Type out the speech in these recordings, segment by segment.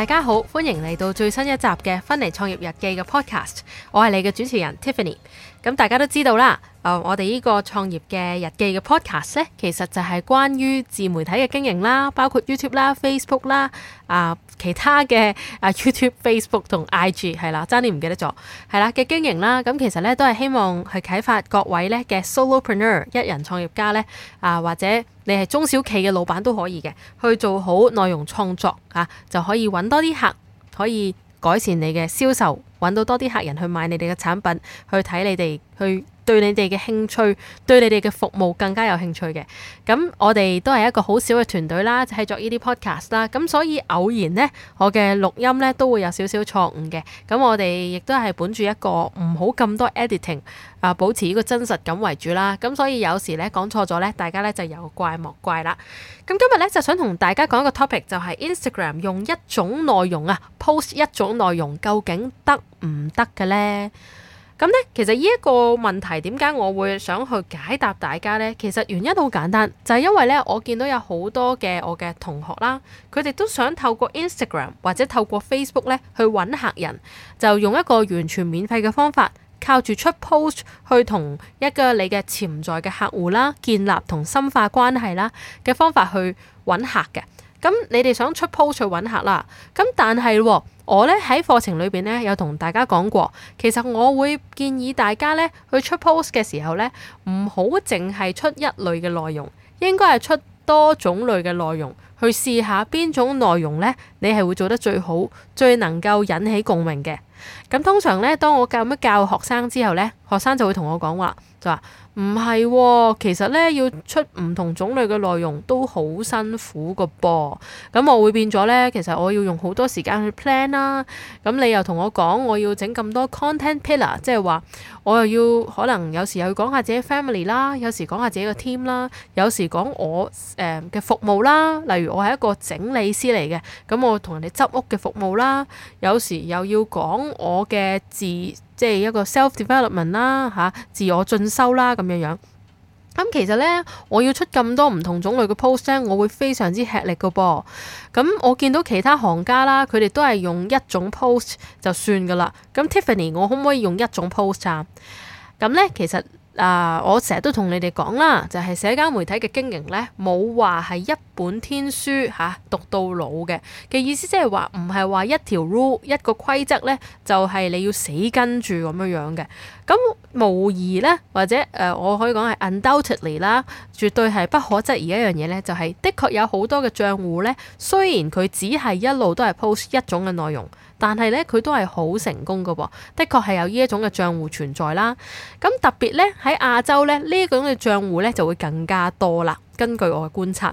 大家好，歡迎嚟到最新一集嘅《芬妮創業日記》嘅 Podcast。我係你嘅主持人 Tiffany，咁、嗯、大家都知道啦。誒、呃，我哋呢個創業嘅日記嘅 podcast 咧，其實就係關於自媒體嘅經營啦，包括 YouTube 啦、Facebook 啦，啊、呃，其他嘅啊、呃、YouTube、Facebook 同 IG 係啦，爭啲唔記得咗，係啦嘅經營啦。咁、嗯、其實咧都係希望去啟發各位咧嘅 solopreneur 一人創業家咧，啊、呃、或者你係中小企嘅老闆都可以嘅，去做好內容創作啊，就可以搵多啲客，可以。改善你嘅銷售，揾到多啲客人去買你哋嘅產品，去睇你哋去。對你哋嘅興趣，對你哋嘅服務更加有興趣嘅。咁我哋都係一個好少嘅團隊啦，係做呢啲 podcast 啦。咁所以偶然咧，我嘅錄音咧都會有少少錯誤嘅。咁我哋亦都係本住一個唔好咁多 editing 啊，保持呢個真實感為主啦。咁所以有時咧講錯咗咧，大家咧就由怪莫怪啦。咁今日咧就想同大家講一個 topic，就係 Instagram 用一種內容啊，post 一種內容究竟得唔得嘅咧？咁咧，其實呢一個問題點解我會想去解答大家咧？其實原因好簡單，就係因為咧，我見到有好多嘅我嘅同學啦，佢哋都想透過 Instagram 或者透過 Facebook 咧去揾客人，就用一個完全免費嘅方法，靠住出 post 去同一個你嘅潛在嘅客戶啦，建立同深化關係啦嘅方法去揾客嘅。咁你哋想出 post 去揾客啦，咁但係我呢喺課程裏邊呢有同大家講過，其實我會建議大家呢去出 post 嘅時候呢，唔好淨係出一類嘅內容，應該係出多種類嘅內容去試下邊種內容呢你係會做得最好、最能夠引起共鳴嘅。咁通常呢，當我教一教學生之後呢，學生就會同我講話。就話唔係喎，其實咧要出唔同種類嘅內容都好辛苦㗎噃。咁我會變咗咧，其實我要用好多時間去 plan 啦。咁你又同我講，我要整咁多 content pillar，即係話我又要可能有時又要講下自己 family 啦，有時講下自己個 team 啦，有時講我誒嘅服務啦，例如我係一個整理師嚟嘅，咁我同人哋執屋嘅服務啦，有時又要講我嘅字。即係一個 self-development 啦，嚇，自我進修啦咁樣樣。咁其實咧，我要出咁多唔同種類嘅 post，我會非常之吃力噶噃。咁我見到其他行家啦，佢哋都係用一種 post 就算噶啦。咁 Tiffany，我可唔可以用一種 post 啊？咁咧，其實。嗱，uh, 我成日都同你哋講啦，就係、是、社交媒體嘅經營呢，冇話係一本天書嚇、啊、讀到老嘅。嘅意思即係話唔係話一條 rule 一個規則呢，就係、是、你要死跟住咁樣樣嘅。咁無疑呢，或者誒、呃，我可以講係 undoubtedly 啦，絕對係不可質疑一樣嘢呢，就係、是、的確有好多嘅賬戶呢，雖然佢只係一路都係 post 一種嘅內容。但係咧，佢都係好成功㗎喎，的確係有呢一種嘅賬戶存在啦。咁特別咧，喺亞洲咧，呢一種嘅賬戶咧就會更加多啦。根據我嘅觀察，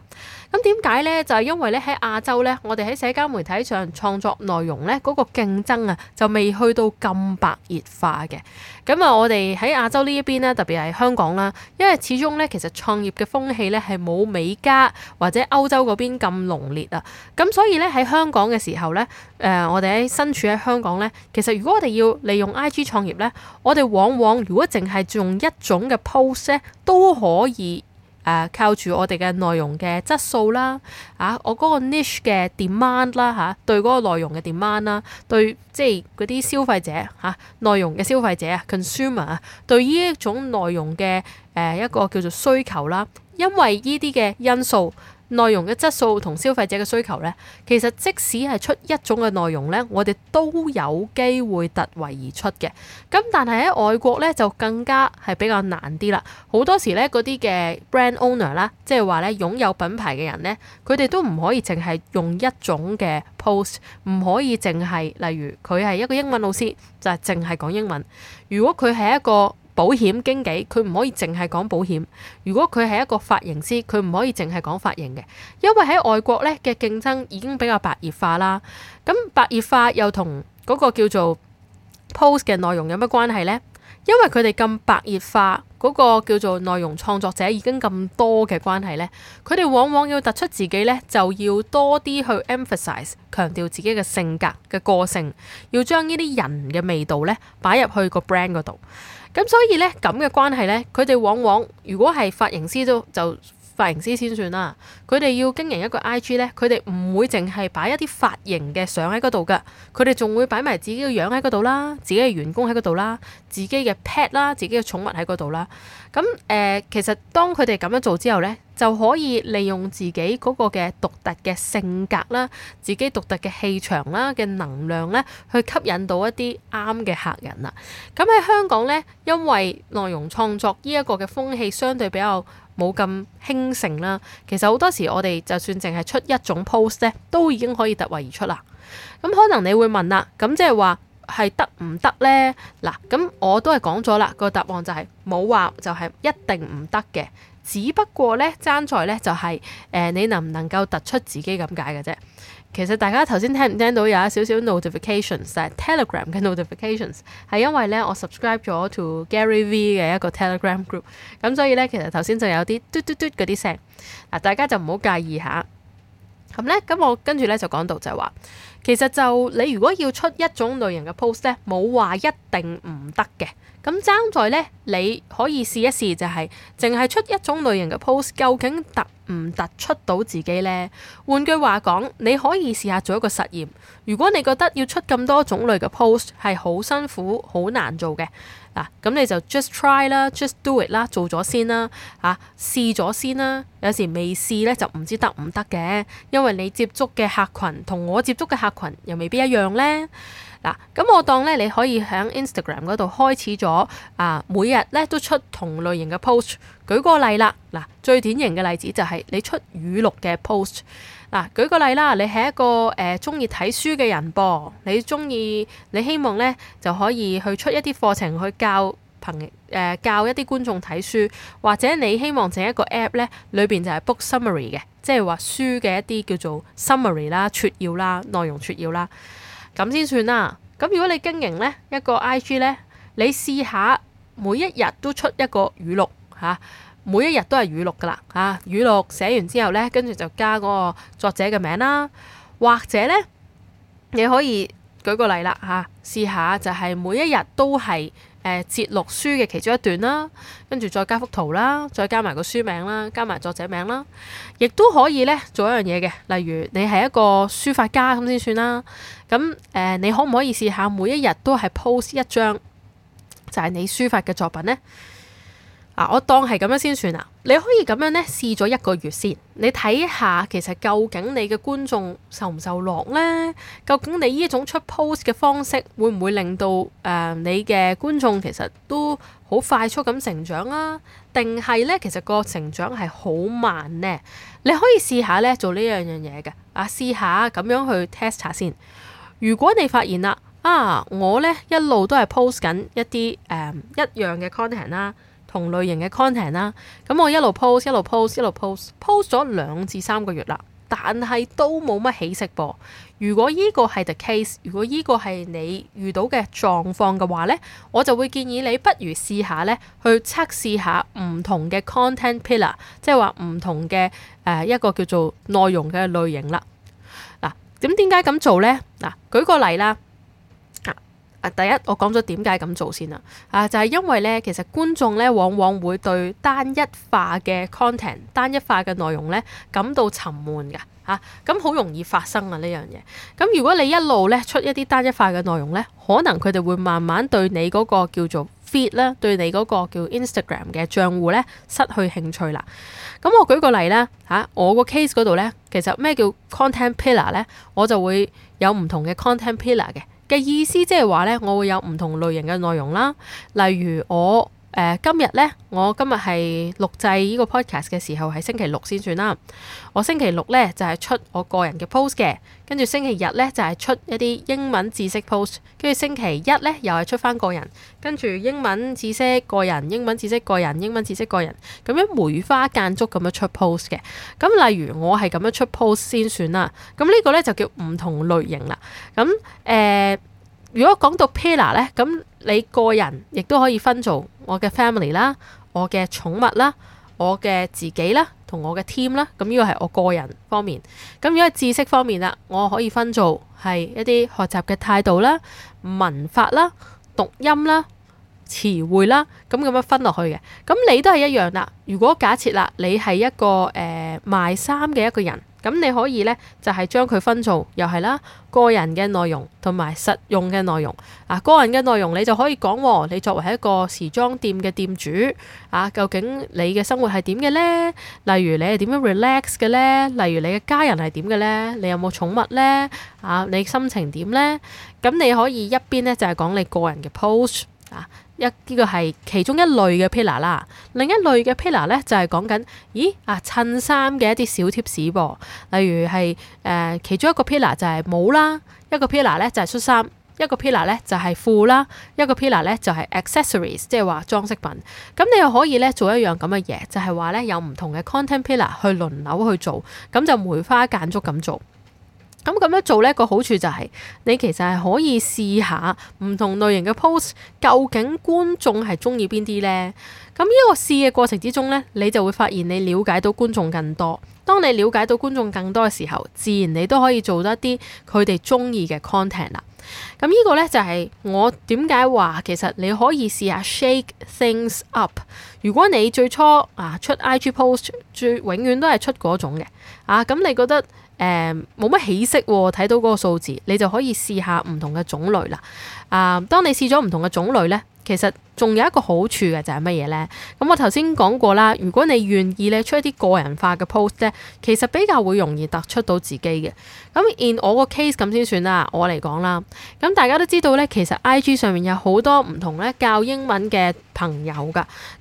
咁點解呢？就係因為呢喺亞洲呢，我哋喺社交媒體上創作內容呢，嗰個競爭啊，就未去到咁白熱化嘅。咁啊，我哋喺亞洲呢一邊呢，特別係香港啦，因為始終呢，其實創業嘅風氣呢，係冇美加或者歐洲嗰邊咁濃烈啊。咁所以呢，喺香港嘅時候呢，誒，我哋喺身處喺香港呢，其實如果我哋要利用 IG 創業呢，我哋往往如果淨係用一種嘅 post 咧都可以。誒、啊、靠住我哋嘅內容嘅質素啦，啊，我嗰個 niche 嘅 demand 啦嚇，對嗰個內容嘅 demand 啦，對即係嗰啲消費者嚇，內容嘅消費者啊 consumer 啊，對呢一、就是啊、種內容嘅誒、啊、一個叫做需求啦、啊，因為呢啲嘅因素。內容嘅質素同消費者嘅需求呢，其實即使係出一種嘅內容呢，我哋都有機會突圍而出嘅。咁但係喺外國呢，就更加係比較難啲啦。好多時呢，嗰啲嘅 brand owner 啦，即係話呢，擁有品牌嘅人呢，佢哋都唔可以淨係用一種嘅 post，唔可以淨係，例如佢係一個英文老師，就係淨係講英文。如果佢係一個保險經紀，佢唔可以淨係講保險。如果佢係一個髮型師，佢唔可以淨係講髮型嘅，因為喺外國咧嘅競爭已經比較白熱化啦。咁白熱化又同嗰個叫做 post 嘅內容有乜關係呢？因為佢哋咁白熱化，嗰個叫做內容創作者已經咁多嘅關係呢，佢哋往往要突出自己呢，就要多啲去 emphasize 強調自己嘅性格嘅個性，要將呢啲人嘅味道呢擺入去個 brand 嗰度。咁所以咧，咁嘅關係咧，佢哋往往如果係髮型師都就，就髮型師先算啦。佢哋要經營一個 IG 咧，佢哋唔會淨係擺一啲髮型嘅相喺嗰度㗎，佢哋仲會擺埋自己嘅樣喺嗰度啦，自己嘅員工喺嗰度啦，自己嘅 pet 啦，自己嘅寵物喺嗰度啦。咁誒，呃，其實當佢哋咁樣做之後咧。就可以利用自己嗰個嘅獨特嘅性格啦，自己獨特嘅氣場啦嘅能量咧，去吸引到一啲啱嘅客人啦。咁喺香港咧，因為內容創作呢一個嘅風氣相對比較冇咁興盛啦，其實好多時我哋就算淨係出一種 post 咧，都已經可以突圍而出啦。咁可能你會問啦，咁即係話。係得唔得呢？嗱，咁我都係講咗啦，個答案就係冇話就係一定唔得嘅，只不過呢，爭在呢，就係誒你能唔能夠突出自己咁解嘅啫。其實大家頭先聽唔聽到有一少少 notifications，係 Telegram 嘅 notifications，係因為呢，我 subscribe 咗 to Gary V 嘅一個 Telegram group，咁所以呢，其實頭先就有啲嘟嘟嘟嗰啲聲，嗱，大家就唔好介意下。咁咧，咁、嗯、我跟住咧就講到就係話，其實就你如果要出一種類型嘅 post 咧，冇話一定唔得嘅。咁爭在呢，你可以試一試、就是，就係淨係出一種類型嘅 post，究竟突唔突出到自己呢？換句話講，你可以試下做一個實驗。如果你覺得要出咁多種類嘅 post 係好辛苦、好難做嘅，嗱、啊，咁你就 just try 啦，just do it 啦，做咗先啦，嚇試咗先啦。有時未試呢，就唔知得唔得嘅，因為你接觸嘅客群同我接觸嘅客群又未必一樣呢。咁、啊、我當咧，你可以喺 Instagram 嗰度開始咗啊，每日咧都出同類型嘅 post，舉、啊型 post 啊。舉個例啦，嗱，最典型嘅例子就係你出語錄嘅 post。嗱，舉個例啦，你係一個誒中意睇書嘅人噃，你中意你希望咧就可以去出一啲課程去教朋誒、呃、教一啲觀眾睇書，或者你希望整一個 app 咧裏邊就係 book summary 嘅，即係話書嘅一啲叫做 summary 啦、撮要啦、內容撮要啦。咁先算啦。咁如果你經營呢一個 I G 呢，你試下每一日都出一個語錄吓，啊，每一日都係語錄噶啦吓。語錄寫完之後呢，跟住就加嗰個作者嘅名啦，啊，或者呢，你可以舉個例啦吓，試下，啊，就係每一日都係。誒，節錄書嘅其中一段啦，跟住再加幅圖啦，再加埋個書名啦，加埋作者名啦，亦都可以呢做一樣嘢嘅。例如，你係一個書法家咁先算啦。咁誒、呃，你可唔可以試下每一日都係 post 一張，就係你書法嘅作品呢？啊！我當係咁樣先算啦。你可以咁樣咧試咗一個月先，你睇下其實究竟你嘅觀眾受唔受落咧？究竟你呢一種出 post 嘅方式會唔會令到誒、呃、你嘅觀眾其實都好快速咁成長啊？定係咧其實個成長係好慢咧？你可以試下咧做呢樣樣嘢嘅啊，試下咁樣去 test 下先。如果你發現啦啊，我咧一路都係 post 緊一啲誒、嗯、一樣嘅 content 啦、啊。同類型嘅 content 啦，咁我一路 post 一路 post 一路 post，post 咗兩至三個月啦，但係都冇乜起色噃。如果依個係 the case，如果依個係你遇到嘅狀況嘅話呢，我就會建議你不如試下呢，去測試下唔同嘅 content pillar，即係話唔同嘅誒一個叫做內容嘅類型啦。嗱，點點解咁做呢？嗱，舉個例啦。第一，我講咗點解咁做先啦，啊，就係、是、因為咧，其實觀眾咧往往會對單一化嘅 content、單一化嘅內容咧感到沉悶噶，嚇、啊，咁好容易發生啊呢樣嘢。咁如果你一路咧出一啲單一化嘅內容咧，可能佢哋會慢慢對你嗰個叫做 feed 咧、啊，對你嗰個叫 Instagram 嘅賬戶咧失去興趣啦。咁我舉個例咧，嚇、啊，我個 case 嗰度咧，其實咩叫 content pillar 咧，我就會有唔同嘅 content pillar 嘅。嘅意思即係話咧，我會有唔同類型嘅內容啦，例如我。誒、呃、今日咧，我今日係錄製呢個 podcast 嘅時候係星期六先算啦。我星期六咧就係、是、出我個人嘅 post 嘅，跟住星期日咧就係、是、出一啲英文知識 post，跟住星期一咧又係出返個人，跟住英文知識個人，英文知識個人，英文知識個人，咁樣梅花間竹咁樣出 post 嘅。咁、嗯、例如我係咁樣出 post 先算啦。咁、嗯這個、呢個咧就叫唔同類型啦。咁、嗯、誒。呃如果講到 Pillar 咧，咁你個人亦都可以分做我嘅 family 啦、我嘅寵物啦、我嘅自己啦、同我嘅 team 啦，咁呢個係我個人方面。咁如果係知識方面啦，我可以分做係一啲學習嘅態度啦、文法啦、讀音啦、詞彙啦，咁咁樣分落去嘅。咁你都係一樣啦。如果假設啦，你係一個誒、呃、賣衫嘅一個人。咁你可以呢，就係將佢分做又係啦、啊，個人嘅內容同埋實用嘅內容。嗱，個人嘅內容你就可以講，你作為一個時裝店嘅店主啊，究竟你嘅生活係點嘅呢？例如你係點樣 relax 嘅呢？例如你嘅家人係點嘅呢？你有冇寵物呢？啊，你心情點呢？咁你可以一邊呢，就係、是、講你個人嘅 post 啊。一呢個係其中一類嘅 pillar 啦，另一類嘅 pillar 咧就係講緊咦啊襯衫嘅一啲小貼士噃，例如係誒、呃、其中一個 pillar 就係帽啦，一個 pillar 咧就係恤衫，一個 pillar 咧就係褲啦，一個 pillar 咧就係 accessories，即係話裝飾品。咁你又可以咧做一樣咁嘅嘢，就係話咧有唔同嘅 content pillar 去輪流去做，咁就梅花間竹咁做。咁咁樣做呢個好處就係，你其實係可以試下唔同類型嘅 post，究竟觀眾係中意邊啲呢？咁呢個試嘅過程之中呢，你就會發現你了解到觀眾更多。當你了解到觀眾更多嘅時候，自然你都可以做得啲佢哋中意嘅 content 啦。咁呢個呢，就係我點解話其實你可以試下 shake things up。如果你最初啊出 IG post 最永遠都係出嗰種嘅啊，咁你覺得？誒冇乜起色喎，睇到嗰個數字，你就可以試下唔同嘅種類啦。啊、呃，當你試咗唔同嘅種類咧。其實仲有一個好處嘅就係乜嘢呢？咁我頭先講過啦，如果你願意咧出一啲個人化嘅 post 咧，其實比較會容易突出到自己嘅。咁以我個 case 咁先算啦，我嚟講啦。咁大家都知道呢，其實 IG 上面有好多唔同咧教英文嘅朋友㗎。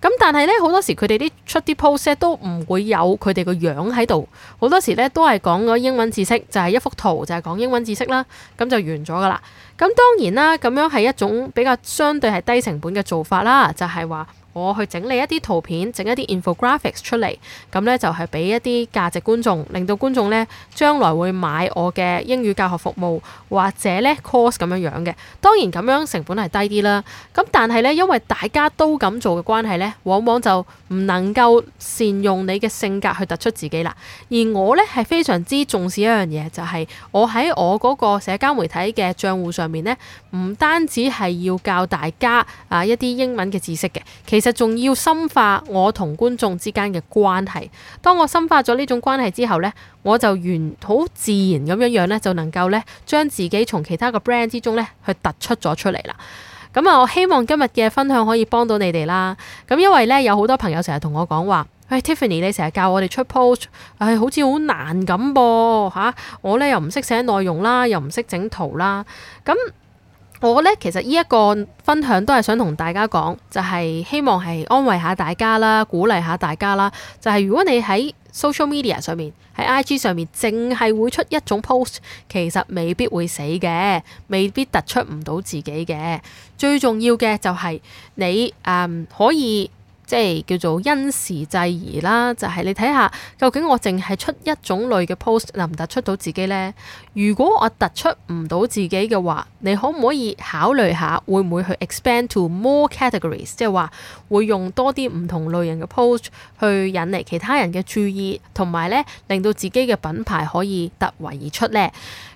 咁但係呢，好多時佢哋啲出啲 post 咧都唔會有佢哋個樣喺度。好多時呢，都係講咗英文知識，就係、是、一幅圖就係、是、講英文知識啦，咁就完咗㗎喇。咁當然啦，咁樣係一種比較相對係低成本嘅做法啦，就係話。我去整理一啲圖片，整一啲 infographics 出嚟，咁咧就係俾一啲價值觀眾，令到觀眾咧將來會買我嘅英語教學服務或者咧 course 咁樣樣嘅。當然咁樣成本係低啲啦。咁但係咧，因為大家都咁做嘅關係咧，往往就唔能夠善用你嘅性格去突出自己啦。而我咧係非常之重視一樣嘢，就係我喺我嗰個社交媒體嘅賬戶上面咧，唔單止係要教大家啊一啲英文嘅知識嘅，其實就仲要深化我同觀眾之間嘅關係。當我深化咗呢種關係之後呢，我就完好自然咁樣樣呢，就能夠呢將自己從其他個 brand 之中呢去突出咗出嚟啦。咁啊，我希望今日嘅分享可以幫到你哋啦。咁因為呢，有好多朋友成日同我講話，誒，Tiffany 你成日教我哋出 post，誒、哎，好似好難咁噃吓。我呢又唔識寫內容啦，又唔識整圖啦，咁。我呢，其實呢一個分享都係想同大家講，就係希望係安慰下大家啦，鼓勵下大家啦。就係如果你喺 social media 上面，喺 IG 上面，淨係會出一種 post，其實未必會死嘅，未必突出唔到自己嘅。最重要嘅就係你誒可以。即係叫做因時制宜啦，就係你睇下，究竟我淨係出一種類嘅 post 能唔突出到自己呢？如果我突出唔到自己嘅話，你可唔可以考慮下會唔會去 expand to more categories，即係話會用多啲唔同類型嘅 post 去引嚟其他人嘅注意，同埋呢，令到自己嘅品牌可以突圍而出呢？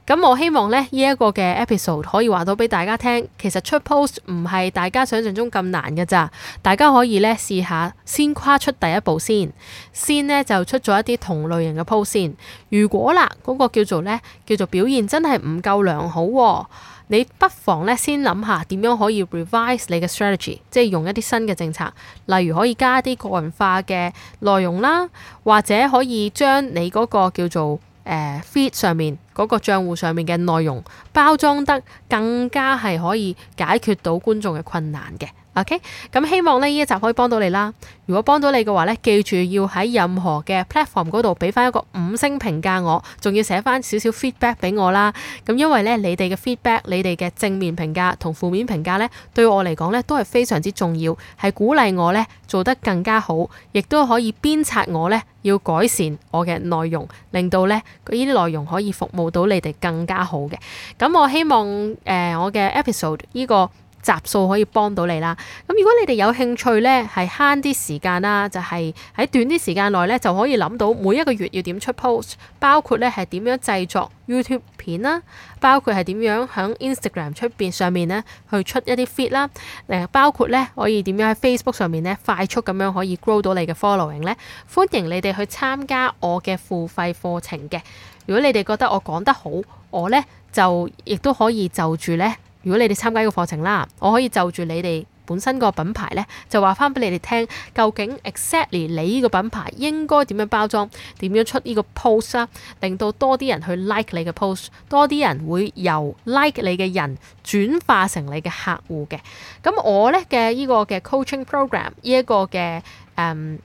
咁我希望呢一個嘅 episode 可以話到俾大家聽。其實出 post 唔係大家想象中咁難嘅咋，大家可以呢試下先跨出第一步先，先呢就出咗一啲同類型嘅 post 先。如果啦嗰個叫做呢，叫做表現真係唔夠良好啊，你不妨呢先諗下點樣可以 revise 你嘅 strategy，即係用一啲新嘅政策，例如可以加啲個人化嘅內容啦，或者可以將你嗰個叫做誒 feed 上面。個賬戶上面嘅內容包裝得更加係可以解決到觀眾嘅困難嘅。OK，咁、嗯、希望呢一集可以幫到你啦。如果幫到你嘅話呢，記住要喺任何嘅 platform 嗰度俾翻一個五星評價我，仲要寫翻少少 feedback 俾我啦。咁、嗯、因為呢，你哋嘅 feedback、你哋嘅正面評價同負面評價呢，對我嚟講呢都係非常之重要，係鼓勵我呢做得更加好，亦都可以鞭策我呢要改善我嘅內容，令到呢呢啲內容可以服務到你哋更加好嘅。咁、嗯、我希望誒、呃、我嘅 episode 呢、這個。集數可以幫到你啦。咁如果你哋有興趣呢，係慳啲時間啦，就係喺短啲時間內呢，就可以諗到每一個月要點出 post，包括呢係點樣製作 YouTube 片啦，包括係點樣喺 Instagram 出邊上面呢去出一啲 feed 啦，誒，包括呢，可以點樣喺 Facebook 上面呢快速咁樣可以 grow 到你嘅 following 呢，歡迎你哋去參加我嘅付費課程嘅。如果你哋覺得我講得好，我呢就亦都可以就住呢。如果你哋參加呢個課程啦，我可以就住你哋本身個品牌咧，就話翻俾你哋聽，究竟 Exactly 你呢個品牌應該點樣包裝，點樣出呢個 post 啦，令到多啲人去 like 你嘅 post，多啲人會由 like 你嘅人轉化成你嘅客戶嘅。咁我咧嘅呢個嘅 coaching program 呢一個嘅誒、嗯、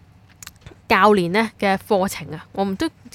教練咧嘅課程啊，我唔都。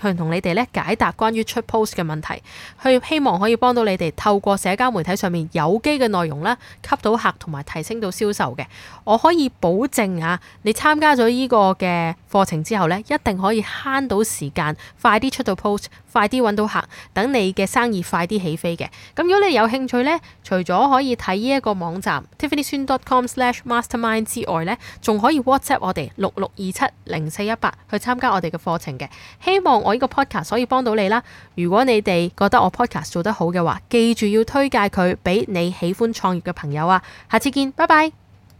去同你哋咧解答關於出 post 嘅問題，去希望可以幫到你哋透過社交媒體上面有機嘅內容咧，吸到客同埋提升到銷售嘅。我可以保證啊，你參加咗呢個嘅課程之後咧，一定可以慳到時間，快啲出到 post，快啲揾到客，等你嘅生意快啲起飛嘅。咁如果你有興趣咧，除咗可以睇呢一個網站 tiffanysun.com/mastermind 之外咧，仲可以 WhatsApp 我哋六六二七零四一八去參加我哋嘅課程嘅。希望我呢個 podcast 可以幫到你啦！如果你哋覺得我 podcast 做得好嘅話，記住要推介佢俾你喜歡創業嘅朋友啊！下次見，拜拜。